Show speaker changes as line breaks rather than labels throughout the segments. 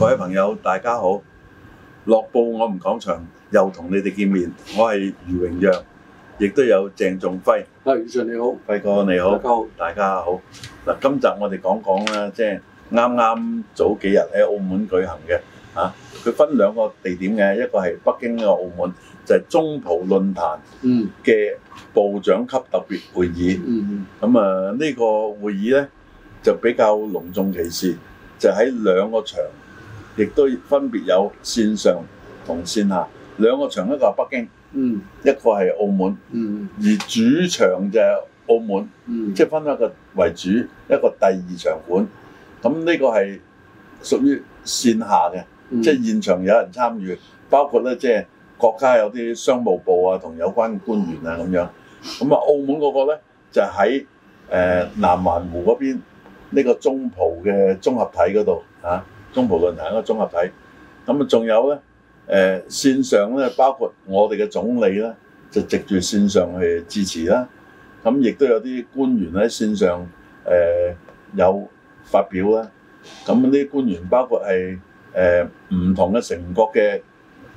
各位朋友，大家好！樂報我們講場又同你哋見面，我係余榮讓，亦都有鄭仲輝。阿余生你好，輝哥你好，大家好。大家好。嗱，今集我哋講講啦，即係啱啱早幾日喺澳門舉行嘅嚇，佢分兩個地點嘅，一個係北京嘅澳門，就係中葡論壇嘅部長級特別會議。嗯。咁啊，呢個會議呢就比較隆重其事，就喺兩個場。亦都分別有線上同線下兩個場，一個係北京，嗯，一個係澳門，嗯，而主場就係澳門，嗯、即係分一個為主，一個第二場館。咁、這、呢個係屬於線下嘅、嗯，即係現場有人參與，包括咧即係國家有啲商務部啊同有關官員啊咁樣。咁啊，澳門嗰個咧就喺南灣湖嗰邊呢個中葡嘅綜合體嗰度中葡論壇一個綜合體，咁啊，仲有咧，誒線上咧，包括我哋嘅總理咧，就藉住線上去支持啦。咁亦都有啲官員喺線上誒有發表啦。咁啲官員包括係誒唔同嘅成國嘅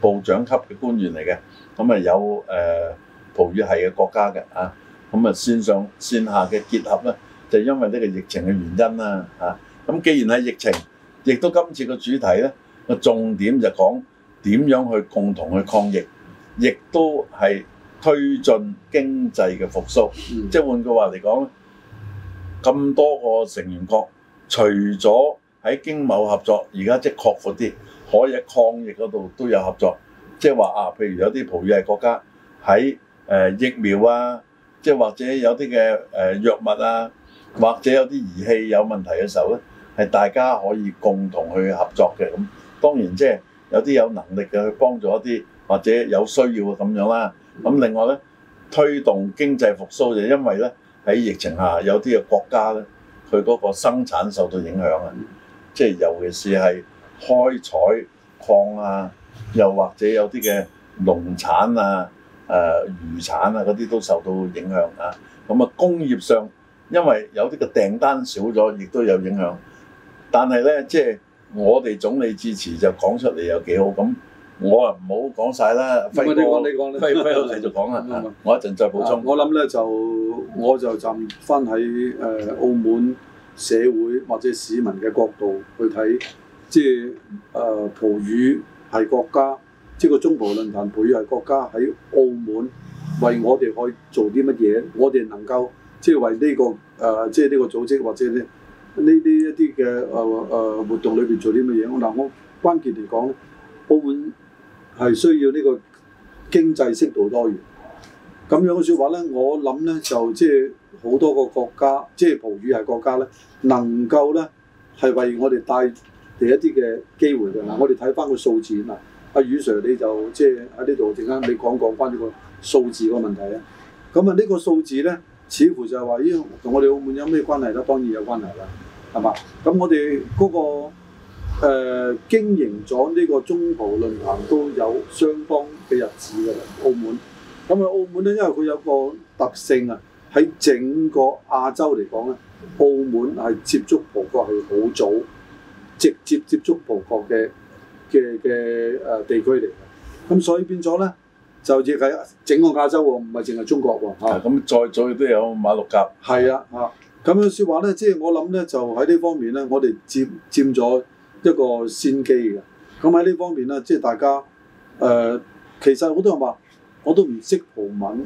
部長級嘅官員嚟嘅，咁啊有誒葡語系嘅國家嘅啊，咁啊線上線下嘅結合咧，就因為呢個疫情嘅原因啦啊。咁既然係疫情，亦都今次個主題咧個重點就講點樣去共同去抗疫，亦都係推進經濟嘅復甦。即係換句話嚟講，咁多個成員國，除咗喺經貿合作，而家即係擴闊啲，可以喺抗疫嗰度都有合作。即係話啊，譬如有啲葡語系國家喺、呃、疫苗啊，即係或者有啲嘅誒藥物啊，或者有啲儀器有問題嘅時候咧。係大家可以共同去合作，嘅咁，當然即係有啲有能力嘅去幫助一啲，或者有需要嘅咁樣啦。咁另外呢，推動經濟復甦就，因為呢喺疫情下有啲嘅國家呢，佢嗰個生產受到影響啊，即係尤其是係開採礦啊，又或者有啲嘅農產啊、誒、呃、漁產啊嗰啲都受到影響啊。咁啊，工業上因為有啲嘅訂單少咗，亦都有影響。但係咧，即、就、係、是、我哋總理致辭就講出嚟又幾好咁，我啊唔好講晒啦。輝哥，輝輝繼續講啦，我一陣再補充、啊。我諗咧
就，我就站翻喺誒澳門社會或者市民嘅角度去睇，即係誒葡語係國家，即個中葡論壇葡語係國家喺澳門為我哋去做啲乜嘢？我哋能夠即係為呢個誒，即係呢、這個呃、個組織或者咧。呢啲一啲嘅誒誒活動裏邊做啲乜嘢？嗱，我關鍵嚟講，澳門係需要呢個經濟適度多元咁樣嘅説話咧。我諗咧就即係好多個國家，即係葡語系國家咧，能夠咧係為我哋帶嚟一啲嘅機會嘅嗱、嗯。我哋睇翻個數字嗱，阿、啊、雨 Sir 你就即係喺呢度陣間你講講返呢個數字個問題咧。咁、這、啊、個、呢個數字咧。似乎就係話依同我哋澳門有咩關係咧？當然有關係啦，係嘛？咁我哋嗰、那個誒、呃、經營咗呢個中葡論壇都有相當嘅日子嘅澳門。咁啊，澳門咧，因為佢有個特性啊，喺整個亞洲嚟講咧，澳門係接觸葡國係好早，直接接觸葡國嘅嘅嘅誒地區嚟嘅。咁所以變咗咧。就似喺整個亞洲喎，唔係淨係中國喎咁、嗯啊嗯、再早都有馬六甲。係啊嚇，咁、啊、樣説話咧，即係我諗咧，就喺、是、呢就方面咧，我哋佔佔咗一個先機嘅。咁喺呢方面咧，即、就、係、是、大家誒、呃，其實好多人話我都唔識葡文，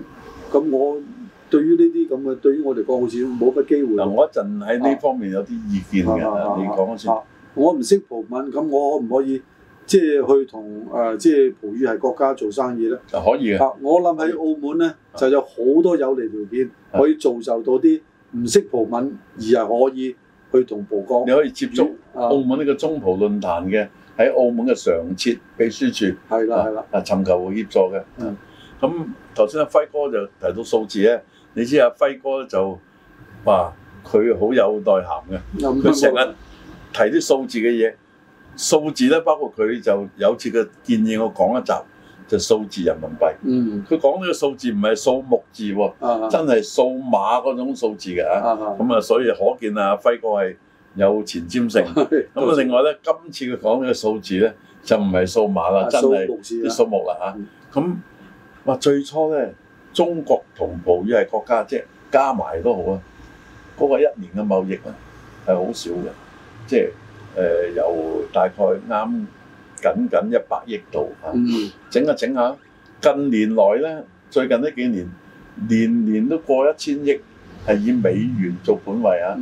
咁我，我對於呢啲咁嘅，對於我哋講好似冇乜機會。嗱、嗯，我一陣喺呢方面
有啲意見嘅、啊，你講先、
啊啊。我唔識葡文，咁我可唔可以？即係去同誒，即係葡語系國家做生意咧，就可以嘅、啊。我諗喺澳門咧，就有好多有利條
件可以造就到啲唔識葡文而係可以去同葡國，你可以接觸澳門呢個中葡論壇嘅喺、嗯、澳門嘅常設秘書處，係啦係啦，啊尋求會協助嘅。咁頭先阿輝哥就提到數字咧，你知阿輝哥就話佢好有內涵嘅，佢成日提啲數字嘅嘢。數字咧，包括佢就有次佢建議，我講一集就數字人民幣。嗯，佢講呢個數字唔係數目字喎，真係數碼嗰種數字嘅嚇。咁啊，啊所以可見啊輝哥係有前瞻性。咁、啊、另外咧、啊，今次佢講呢個數字咧就唔係數碼啦，真係啲數目啦嚇。咁、啊、話最初咧，中國同葡語系國家即係加埋都好啊，嗰個一年嘅貿易啊係好少嘅，即係。誒由大概啱僅僅一百億度啊，整下整下，近年來咧，最近呢幾年年年都過一千億，係以美元做本位啊，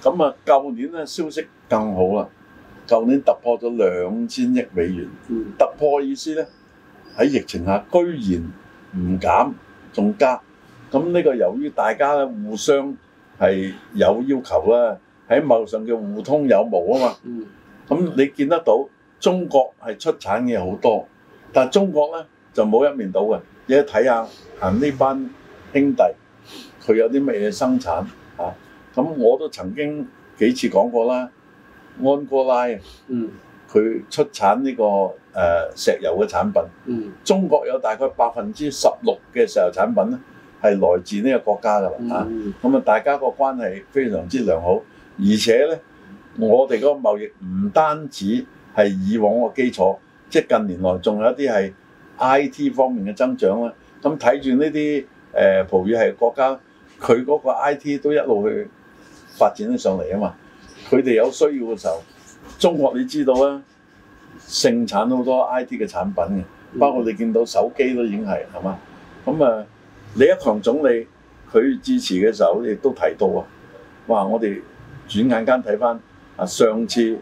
咁啊，舊年咧消息更好啦，舊年突破咗兩千億美元，突破意思咧喺疫情下居然唔減仲加，咁呢個由於大家咧互相係有要求啦。喺貿上叫互通有無啊嘛，咁、嗯、你見得到中國係出產嘅好多，但係中國咧就冇一面倒嘅，你睇下行呢班兄弟佢有啲咩嘢生產啊？咁我都曾經幾次講過啦，安哥拉啊，佢、嗯、出產呢、呢個誒、呃、石油嘅產品、嗯，中國有大概百分之十六嘅石油產品咧係來自呢個國家嘅嚇，咁啊、嗯、大家個關係非常之良好。而且呢，我哋嗰個貿易唔單止係以往個基礎，即近年來仲有一啲係 I T 方面嘅增長啦。咁睇住呢啲誒，葡語系國家佢嗰個 I T 都一路去發展咗上嚟啊嘛。佢哋有需要嘅時候，中國你知道啦，盛產好多 I T 嘅產品嘅，包括你見到手機都已經係係嘛。咁啊、呃，李克強總理佢致辭嘅時候亦都提到啊，哇！我哋轉眼間睇翻啊，上次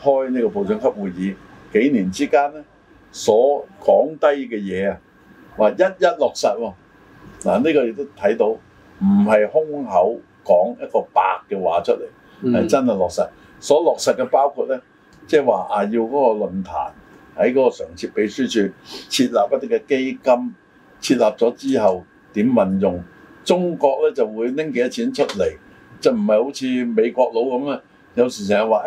開呢個部長級會議，幾年之間咧所講低嘅嘢啊，話一一落實喎、哦。嗱，呢個亦都睇到，唔係空口講一個白嘅話出嚟，係真係落實、嗯。所落實嘅包括咧，即係話啊，要嗰個論壇喺嗰個常設秘書處設立一啲嘅基金，設立咗之後點運用？中國咧就會拎幾多錢出嚟。就唔係好似美國佬咁啊！有時成日話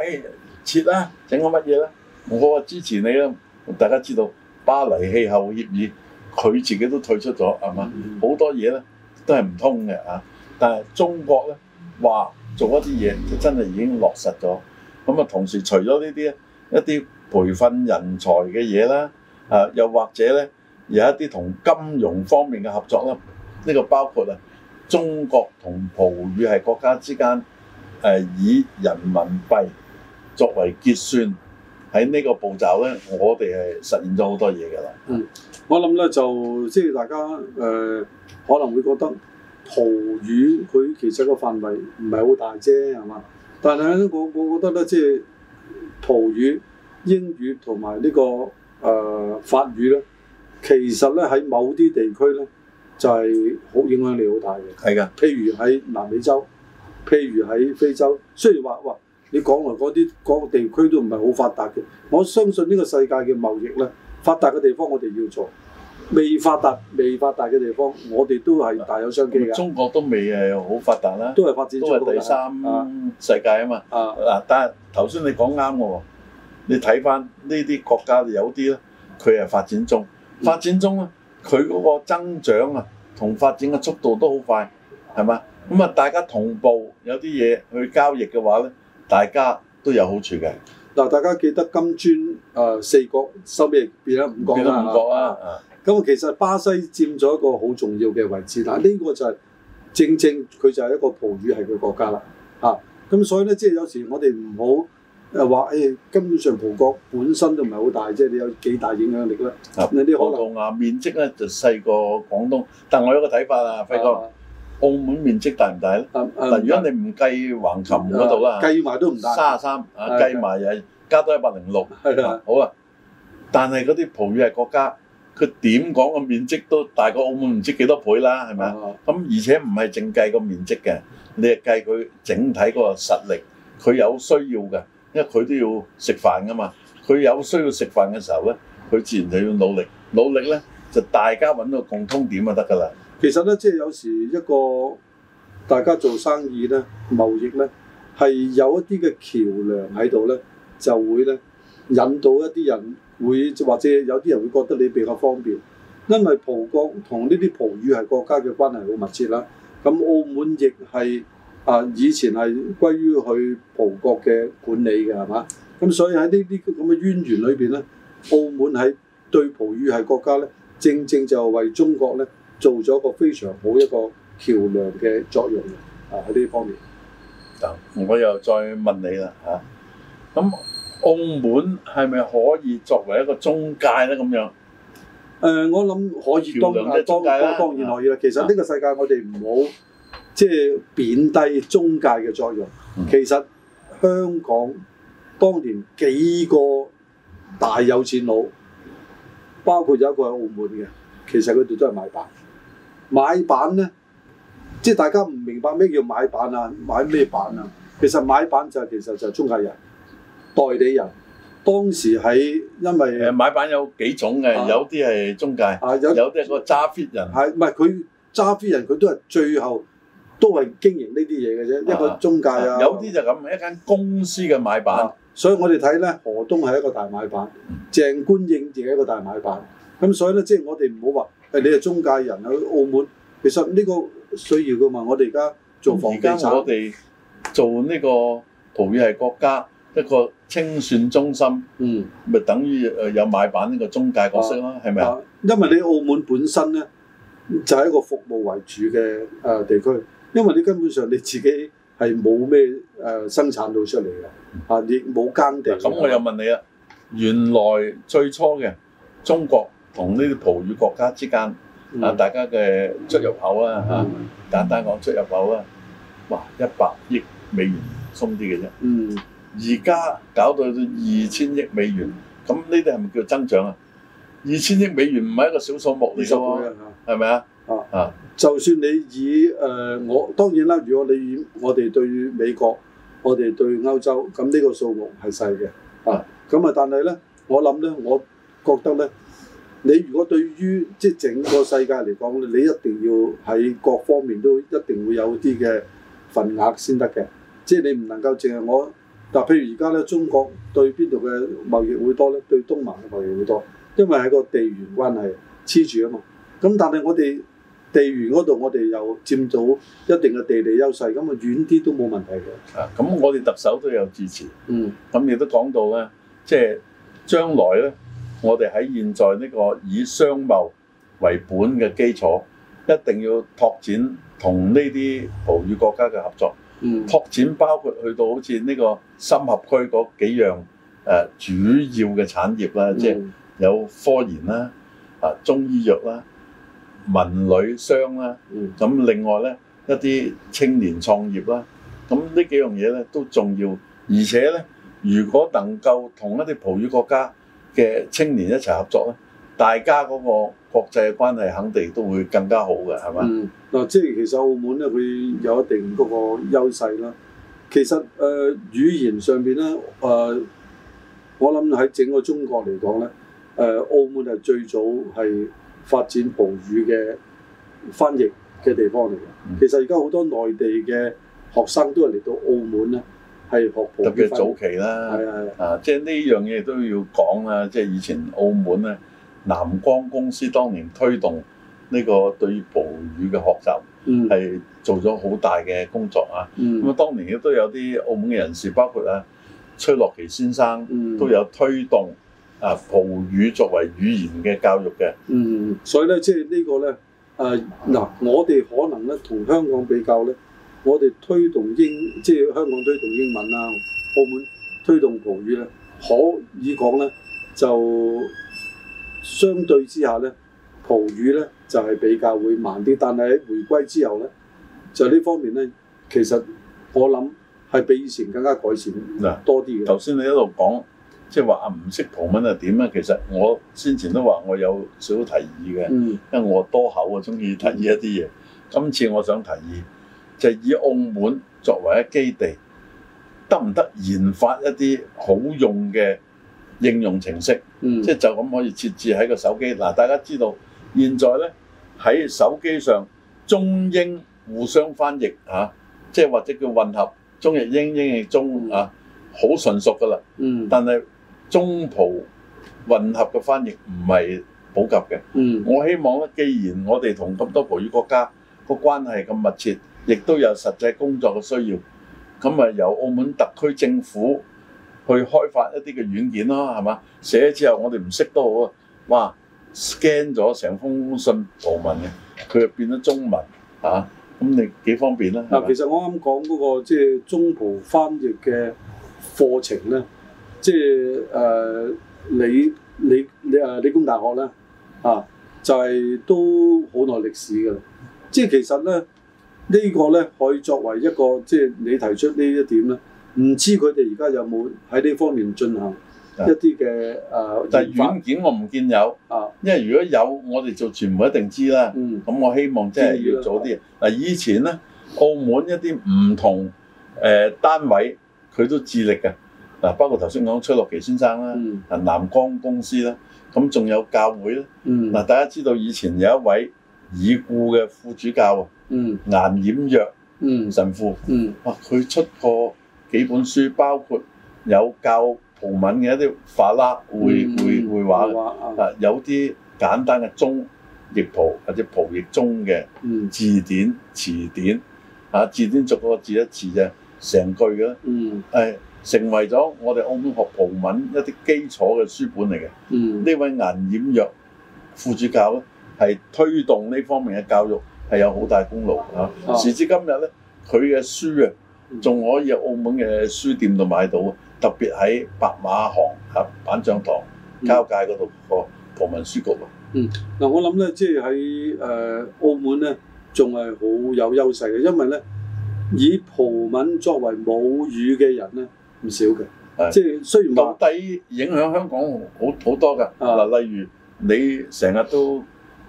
切撤啦，整個乜嘢咧？我話支持你啦！大家知道巴黎氣候協議，佢自己都退出咗，係嘛？好、嗯嗯、多嘢咧都係唔通嘅、啊、但係中國咧話做一啲嘢，就真係已經落實咗。咁啊，同時除咗呢啲一啲培訓人才嘅嘢啦，啊又或者咧有一啲同金融方面嘅合作啦，呢、啊呢個包括啊。中國同葡語系國家之間，誒、呃、以人民幣作為結算，喺呢個步驟咧，我哋係實現咗好多嘢㗎啦。嗯，
我諗咧就即係、就是、大家誒、呃、可能會覺得葡語佢其實個範圍唔係好大啫，係嘛？但係咧，我我覺得咧，即係葡語、英語同埋呢個誒、呃、法語咧，其實咧喺某啲地區咧。就係、是、好影響力好大嘅，係噶。譬如喺南美洲，譬如喺非洲，雖然話哇，你講來嗰啲嗰個地區都唔係好發達嘅。我相信呢個世界嘅貿易咧，發達嘅地方我哋要做，未發達、未發達嘅地方我哋都係大有商機嘅、嗯。中國都未係好發達啦、嗯，都係發展中的，都係第三
世界啊嘛。嗱、啊啊，但係頭先你講啱我，你睇翻呢啲國家有啲咧，佢係發展中，發展中咧。嗯。佢嗰個增長啊，同發展嘅速度都好快，係嘛？咁啊，大家同步有啲嘢去交易嘅話咧，大家都有好處嘅。嗱，大家記得金磚啊、呃，四國收尾變咗
五國啦。變咗五國啊！咁、啊、其實巴西佔咗一個好重要嘅位置，但係呢個就係、係、正正佢就係一個葡語系嘅國家啦。嚇、啊！咁所以咧，即係有時我哋
唔好。誒話誒，根本上葡國本身就唔係好大啫，你有幾大影響力咧？啊，你啲葡萄牙面積咧就細過廣東，但我有個睇法啊，輝哥、啊，澳門面積大唔大咧？嗱、啊，如果你唔計橫琴嗰度啦嚇，計埋、啊、都唔大。三啊三啊，計埋又、啊、加多一百零六。係、啊、好啊，但係嗰啲葡語系國家，佢點講個面積都大過澳門唔知幾多倍啦，係咪？咁而且唔係淨計個面積嘅，你係計佢整體嗰個實力，佢有需要嘅。因為佢都要食飯噶嘛，佢有需要食飯嘅時候咧，佢自然就要努力，努力咧就大家揾到共通點就得㗎啦。其實咧，即係有時
一個大家做生意咧、貿易咧，係有一啲嘅橋梁喺度咧，就會咧引導一啲人會，或者有啲人會覺得你比較方便，因為葡國同呢啲葡語系國家嘅關係好密切啦。咁澳門亦係。啊！以前係歸於去葡國嘅管理嘅係嘛？咁所以喺呢啲咁嘅淵源裏邊咧，澳門喺對葡語系國家咧，正正就為中國咧做咗一個非常好一個
橋梁嘅作用啊，喺呢方面。嗱，我又再問你啦嚇。咁澳門係咪可以作為一個中介咧？咁樣？誒，我諗可以，當然、啊、當然可以啦、啊。其實呢個
世界，我哋唔好。即係貶低中介嘅作用。嗯、其實香港當年幾個大有錢佬，包括有一個喺澳門嘅，其實佢哋都係買板。買板咧，即係大家唔明白咩叫買板啊？買咩板啊、嗯其板就係？其實買板就係其實就係中介人、代理人。當時喺因為買板有幾種
嘅、啊，有啲係中介，啊、有啲係個揸 fit 人。係唔係佢揸 fit 人？佢都係最後，都係經營呢啲嘢嘅啫，一個中介啊，啊有啲就咁，一間公
司嘅買辦、啊。所以我哋睇咧，何東係一個大買辦、嗯，鄭觀應自己一個大買辦。咁所以咧，即、就、係、是、我哋唔好話誒，你係中介人去澳門，其實呢個
需要噶嘛。我哋而家做房地產，嗯、我哋做呢、這個葡語系國家一個清算中心，咪、嗯、等於誒有買辦呢個中介角色咯、啊，係、啊、咪啊？
因為你澳門本身咧就係、是、一個服務為主嘅誒、呃、地區。因為你根本上你自己係冇咩誒生產到出嚟嘅，
嚇你冇耕地。咁我又問你啦，原來最初嘅中國同呢啲葡語國家之間、嗯、啊，大家嘅出入口啊嚇，簡單講出入口啊，哇一百億美元鬆啲嘅啫。嗯，而家搞到二千億美元，咁呢啲係咪叫增長啊？二千億美元唔係一個小數目嚟嘅喎，係咪啊？啊！就算你以
誒、呃、我當然啦，如果你以我哋對美國，我哋對歐洲，咁呢個數目係細嘅啊。咁啊，但係咧，我諗咧，我覺得咧，你如果對於即係整個世界嚟講，你一定要喺各方面都一定會有啲嘅份額先得嘅。即係你唔能夠淨係我嗱，譬如而家咧，中國對邊度嘅貿易會多咧？對東盟嘅貿易會多，因為係個地緣關係黐住啊嘛。咁但係我哋地緣嗰度，我哋又
佔到一定嘅地理優勢，咁啊遠啲都冇問題嘅。啊，咁我哋特首都有支持。嗯，咁亦都講到咧，即係將來咧，我哋喺現在呢個以商貿為本嘅基礎，一定要拓展同呢啲葡語國家嘅合作。嗯，拓展包括去到好似呢個深合區嗰幾樣、啊、主要嘅產業啦，即係有科研啦，啊中醫藥啦。文旅商啦，咁另外咧一啲青年創業啦，咁呢幾樣嘢咧都重要，而且咧如果能夠同一啲葡語國家嘅青年一齊合作咧，大家嗰個國際嘅關係肯定都會更加好嘅，係咪？嗱，即係其
實澳門咧，佢有一定嗰個優勢啦。其實誒語言上邊咧誒，我諗喺整個中國嚟講咧，誒澳門係最早係，發展葡語嘅翻譯嘅地方嚟嘅、嗯，其實而家好多內地嘅學生都係嚟到澳門咧，係學特別早期啦，
啊，即係呢樣嘢都要講啦，即、就、係、是、以前澳門咧，南光公司當年推動呢個對葡語嘅學習，係做咗好大嘅工作啊。咁、嗯、啊，當年亦都有啲澳門嘅人士，包括啊崔洛琪先生，都有推動、嗯。啊，葡語作為語言嘅教育嘅，嗯，所以咧，即係呢個咧，誒嗱，我哋可能咧，
同香港比較咧，我哋推動英，即係香港推動英文啊，澳門推動葡語咧，可以講咧，就相對之下咧，葡語咧就係比較會慢啲，但係喺回歸之後咧，
就呢方面咧，其實我諗係比以前更加改善嗱，嗯，多啲嘅。頭先你一路講。即係話啊，唔識葡文啊點啊？其實我先前都話我有少少提議嘅，嗯，因為我多口啊，中意提議一啲嘢，嗯。今次我想提議，就係，以澳門作為一基地，得唔得研發一啲好用嘅應用程式？嗯，即係就咁可以設置喺個手機。嗱，大家知道現在咧喺手機上中英互相翻譯嚇，啊，即係或者叫混合中日英，英中，英日中嚇，好純熟噶啦。嗯，但係中葡混合嘅翻譯唔係普及嘅。嗯，我希望咧，既然我哋同咁多葡語國家個關係咁密切，亦都有實際工作嘅需要，咁咪由澳門特區政府去開發一啲嘅軟件咯，係嘛？寫咗之後我們不，我哋唔識都好啊，哇！scan 咗成封信葡文嘅，佢就變咗中文吓，咁你幾方便啦、啊？嗱，其實我啱講嗰個即係、就是、
中葡翻譯嘅課程咧。即係誒，理、呃、理你,你，你、呃、理工大學咧，嚇、啊、就係、是、都好耐歷史嘅啦。即係其實咧，這個、呢個咧可以作為一個即係你提出呢一點咧。唔知佢哋而家
有冇喺呢方面進行一啲嘅誒？就係軟件我唔見有，啊，因為如果有我哋就全部一定知啦。咁、嗯、我希望即係要早啲嗱、嗯，以前咧澳門一啲唔同誒、呃、單位佢都致力嘅。嗱，包括頭先講崔洛奇先生啦，啊、嗯、南光公司啦，咁仲有教會咧。嗱、嗯，大家知道以前有一位已故嘅副主教啊，顏儼若神父，嗯、哇，佢出過幾本書，包括有教葡文嘅一啲法拉會會會話啊，有啲簡單嘅中譯葡或者葡譯中嘅字典詞、嗯、典，嚇、啊、字典逐個字一字啫，成句嘅，嗯，誒、哎。成為咗我哋澳門學葡文一啲基礎嘅書本嚟嘅。呢、嗯、位顏染若副主教咧，係推動呢方面嘅教育係有好大功勞嚇、啊。時至今日咧，佢嘅書啊，仲可以喺澳門嘅書店度買到啊！特別喺白馬行嚇、啊、板樟堂交界嗰度個葡文書局喎。嗯，嗱我諗咧，即係喺誒澳門咧，仲係好有
優勢嘅，因為咧以葡文作為母語嘅人咧。唔少
嘅，即係雖然到底影響香港好好，好多嘅嗱、啊，例如你成日都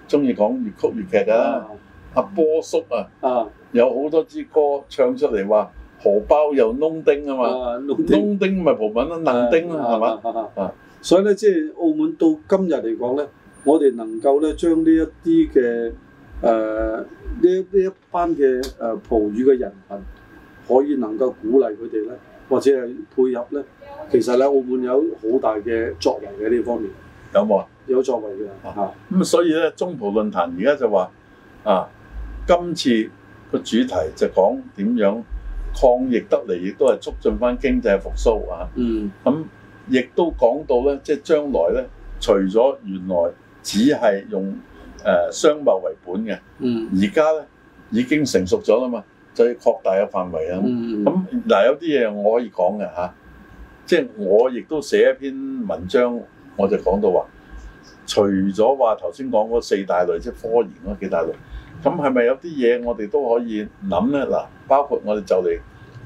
中意講粵曲粵劇啊，阿、啊、波叔啊，啊有好多支歌唱出嚟話荷包又窿丁啊嘛，窿丁咪葡文咯，能丁咯係嘛？啊，啊所以咧，即、就、係、是、澳門到今日嚟講咧，
我哋能夠咧將呢將一啲嘅誒呢呢一班嘅誒葡語嘅人群，可以能夠鼓勵佢哋咧。或者係配合咧，其實咧，澳門有好大嘅作為喺呢方面。有冇啊？有作為嘅。
嚇、啊。咁、啊嗯嗯、所以咧，中葡論壇而家就話啊，今次個主題就講點樣抗疫得嚟，亦都係促進翻經濟的復甦啊。嗯。咁、啊、亦都講到咧，即、就、係、是、將來咧，除咗原來只係用誒、呃、商貿為本嘅，嗯。而家咧已經成熟咗啦嘛。所以擴大嘅範圍啊，咁、嗯、嗱、嗯、有啲嘢我可以講嘅嚇，即、啊、係、就是、我亦都寫一篇文章，我就講到話，除咗話頭先講嗰四大類，即係科研嗰幾大類，咁係咪有啲嘢我哋都可以諗咧？嗱，包括我哋就嚟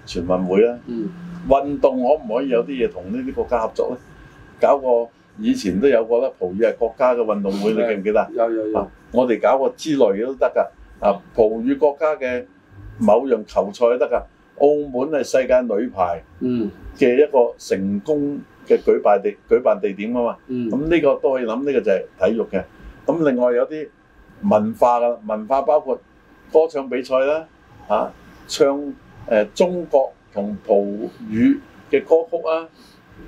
全運會啦、嗯，運動可唔可以有啲嘢同呢啲國家合作咧？搞個以前都有過嘅，葡語國家嘅運動會，你記唔記得？有有有，我哋搞個之類嘅都得㗎，啊葡語國家嘅。某樣球賽得噶，澳門係世界女排嘅一個成功嘅舉辦地、嗯、舉辦地點啊嘛。咁、嗯、呢個都可以諗，呢、這個就係體育嘅。咁另外有啲文化嘅，文化包括歌唱比賽啦，嚇、啊、唱誒、呃、中國同葡語嘅歌曲啊，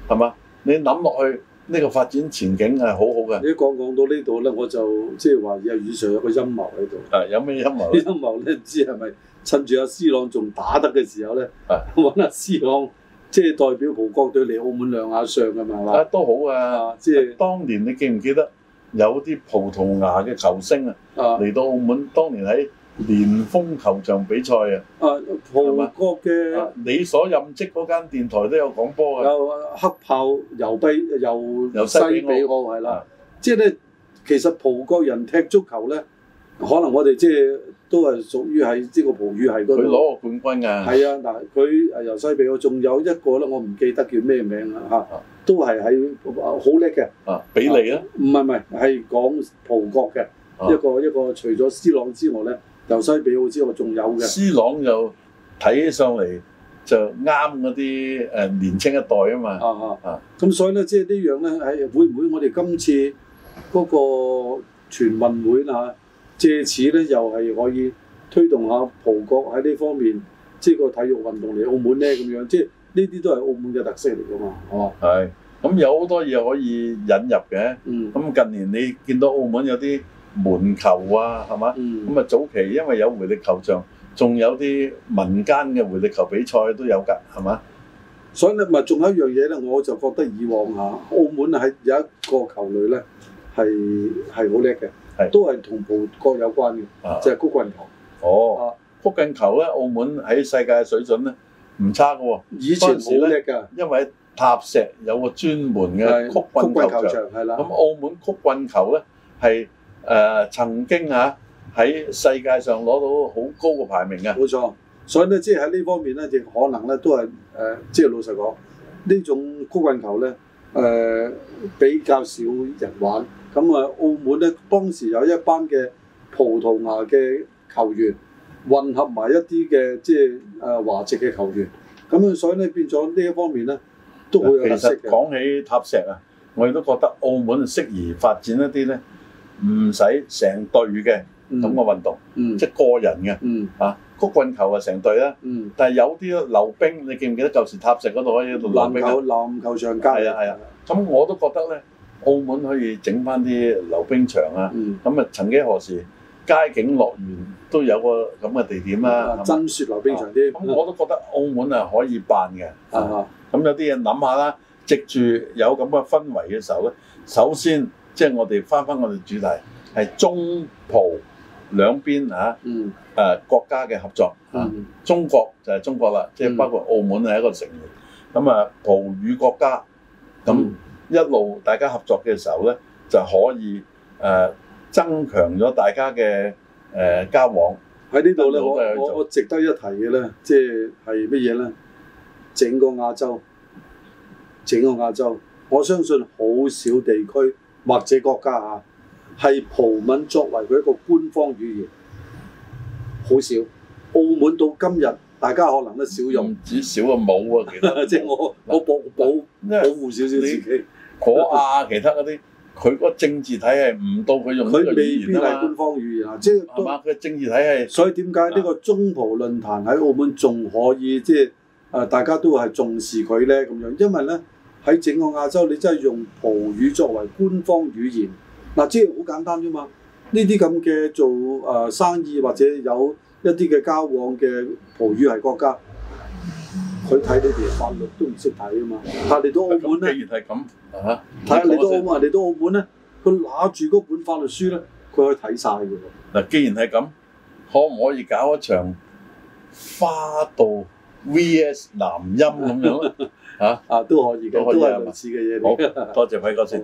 係嘛？你諗落去。呢、這個發展前景係好好嘅。你說一講，講到呢度咧，我就即係話余 Sir 有個陰謀喺度。誒、啊，有咩陰謀？陰謀咧，唔知係
咪趁住阿、啊、斯朗仲打得嘅時候咧，揾、啊、阿、啊、斯朗，即係代表葡
國隊嚟澳門兩下相㗎嘛，係嘛？啊，都好啊，即、就、係、是啊。當年你記唔記得有啲葡萄牙嘅球星啊，嚟、啊、到澳門？當年喺。連峰球場比賽啊！啊，葡國嘅你所任職嗰間電台都有講波
啊！有黑豹、油費、尤西比奧係啦，即係咧，其實葡國人踢足球咧，可能我哋即係都係屬於係呢個葡語係度。佢攞過冠軍㗎。係啊，嗱、呃，佢啊尤西比奧，仲有一個咧，我唔記得叫咩名啊，嚇、啊，都係喺好叻嘅。啊，比利啊？唔係唔係，係講葡國嘅一個一個，一個除咗 C 朗之外咧。由西比澳之外的，仲有嘅。舒
朗又睇起上嚟就啱嗰啲誒年青一代啊嘛。咁、啊啊啊
啊啊、所以呢，即係呢樣呢，誒會唔會我哋今次嗰個全運會啊？借此呢，又係可以推動下葡國喺呢方面，即、就、係、是、個體育運動嚟。澳門呢。咁樣，即係呢啲都係澳門嘅特色
嚟㗎嘛，係、啊、嘛？係。咁有好多嘢可以引入嘅。咁、嗯、近年你見到澳門有啲。門球啊，係嘛？咁、嗯、啊，咁早期因為有回力球場，仲有啲民間嘅回力球比賽都有㗎，係嘛？所以你咪仲
有一樣嘢咧，我就覺得以往嚇澳門係有一個球類咧係
係好叻嘅，都係同葡國有關嘅，即係曲棍球。哦，曲棍球咧，澳門喺世界嘅水準咧唔差㗎喎。以前好叻㗎，因為喺塔石有個專門嘅曲，曲棍球場，係啦。咁澳門曲棍球咧係。誒、呃、曾經啊喺世界上攞到好高嘅排
名嘅，冇錯。所以咧，即係喺呢方面咧，亦可能咧都係誒，即、呃、係、就是、老實講，呢種曲棍球咧誒、呃、比較少人玩。咁、嗯、啊，澳門咧當時有一班嘅葡萄牙嘅球員混合埋一啲嘅即係誒華籍嘅球員，咁樣、就是啊嗯、所以咧變咗呢一方面咧都好有特色。講
起塔石啊，我亦都覺得澳門適宜發展一啲咧。唔使成隊嘅咁嘅運動，嗯、即係個人嘅嚇、嗯嗯啊。曲棍球啊，成隊啦。但係有啲溜冰，你記唔記得舊時塔石嗰度可以喺度溜冰？籃球，籃球上街。係啊係啊。咁、啊啊嗯、我都覺得咧，澳門可以整翻啲溜冰場啊。咁、嗯、啊，曾經何時街景樂園都有個咁嘅地點啦？真、嗯嗯、雪溜冰場啲。咁、啊嗯、我都覺得澳門啊可以辦嘅。咁、嗯啊、有啲嘢諗下啦。藉住有咁嘅氛圍嘅時候咧，首先。即、就、係、是、我哋返返我哋主題係中葡兩邊嚇、啊，誒、嗯啊、國家嘅合作、嗯啊、中國就係中國啦，即、嗯、係包括澳門係一個成員。咁啊，葡語國家咁一路大家合作嘅時候咧、嗯，就可以誒、啊、增強咗大家嘅誒、呃、交往。喺呢度咧，我
我值得一提嘅咧，即係係乜嘢咧？整個亞洲，整個亞洲，我相信好少地區。或者國家啊，係葡文作為佢一個官方語言，好少。澳門到今日，大家可能都少用。唔止少啊，冇啊，其他即係 我我保保
保，保護少少自己。嗰啊， 其他嗰啲，佢嗰政治體系唔到佢用、啊。佢未必係官方語言都啊，都啊，即係。都佢政治體系。所以點解呢個中
葡論壇喺澳門仲可以即係誒，大家都係重視佢咧咁樣？因為咧。喺整個亞洲，你真係用葡語作為官方語言嗱，即係好簡單啫嘛。呢啲咁嘅做誒、呃、生意或者有一啲嘅交往嘅葡語系國家，佢睇你哋法律都唔識睇啊嘛。睇下嚟到澳門咧，既然
係咁啊，睇下嚟到澳門、啊，嚟
到澳門咧，佢拿住嗰
本法律書咧，佢可以睇晒㗎喎。嗱，既然係咁，可唔可以搞一場花道 V.S. 南音咁樣 嚇啊，啊都可以嘅，都係類似嘅嘢嚟嘅。多謝輝哥先。多謝多謝。